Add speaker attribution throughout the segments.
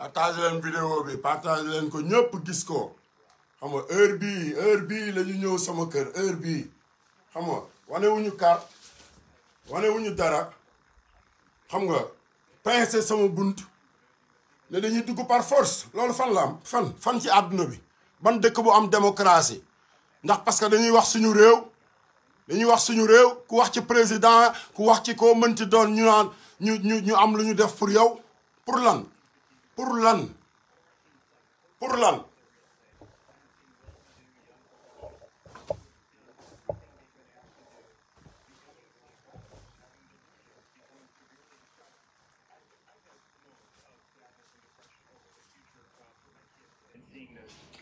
Speaker 1: partage leen vidéo bi partage leen ko ñëpp gis ko xam nga heure bii heure bii lañu ñëw sama kër heure bi xam nga wane wuñu carte wane wuñu dara xam nga pincé sama bunt ne dañuy dugg par force loolu fan la am fan fan ci àdduna bi ban dëkk bu am démocratie ndax parce que dañuy wax suñu réew dañuy wax suñu réew ku wax ci président ku wax ci koo mënti doon ñu naan ñu ñu ñu am lu ñu def pour yow pour lan pour lan pour lan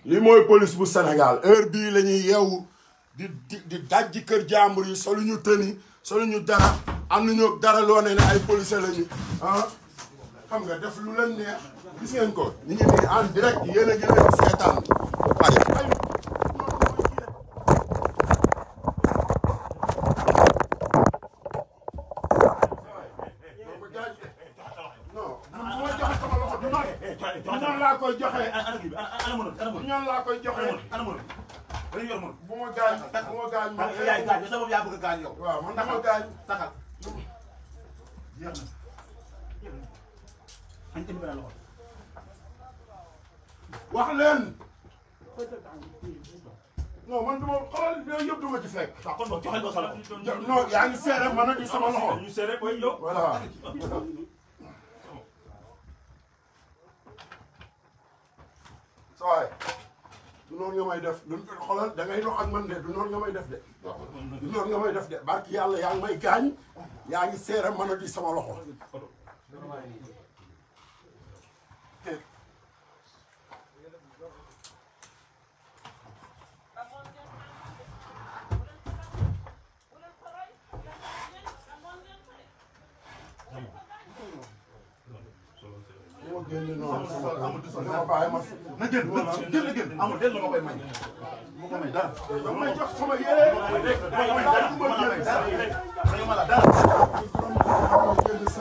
Speaker 1: li mooy police bu Sénégal heure bii lañuy ñuy di di di dajji kër jàmbur yi solu ñu tëni solu ñu dara am nañu dara loo ne ne ay policier lañu ah xam nga def lu leen neex gis ngeen ko ñu ngi nii en direct yéen a ngi leen seetaan Paris ñoom laa koy joxe ñoom laa koy joxe bu ma gaañ bu ma gaañ man yaay gaañ sa bopp yaa bëgg gaañ yow waaw man dama gaañ taxal jeex na wax leen. non man duma xoolal yooyu yëpp duma ci fekk. waaw ko sa loxo. non yaa ngi seere man nag sama loxo. ñu seere koy yow. voilà. sa def du xoolal da ngay dox ak man de du noonu nga may def de. du noonu nga may def de barki yàlla yaa ngi may gaañ. yaa ngi seere man nag sama loxo. ma génn noonu sama amul du sama bàyyi ma na génn génn génn amul del ma koy may ma ko may dara da may jox sama yére ma may dara ma may dara ma may dara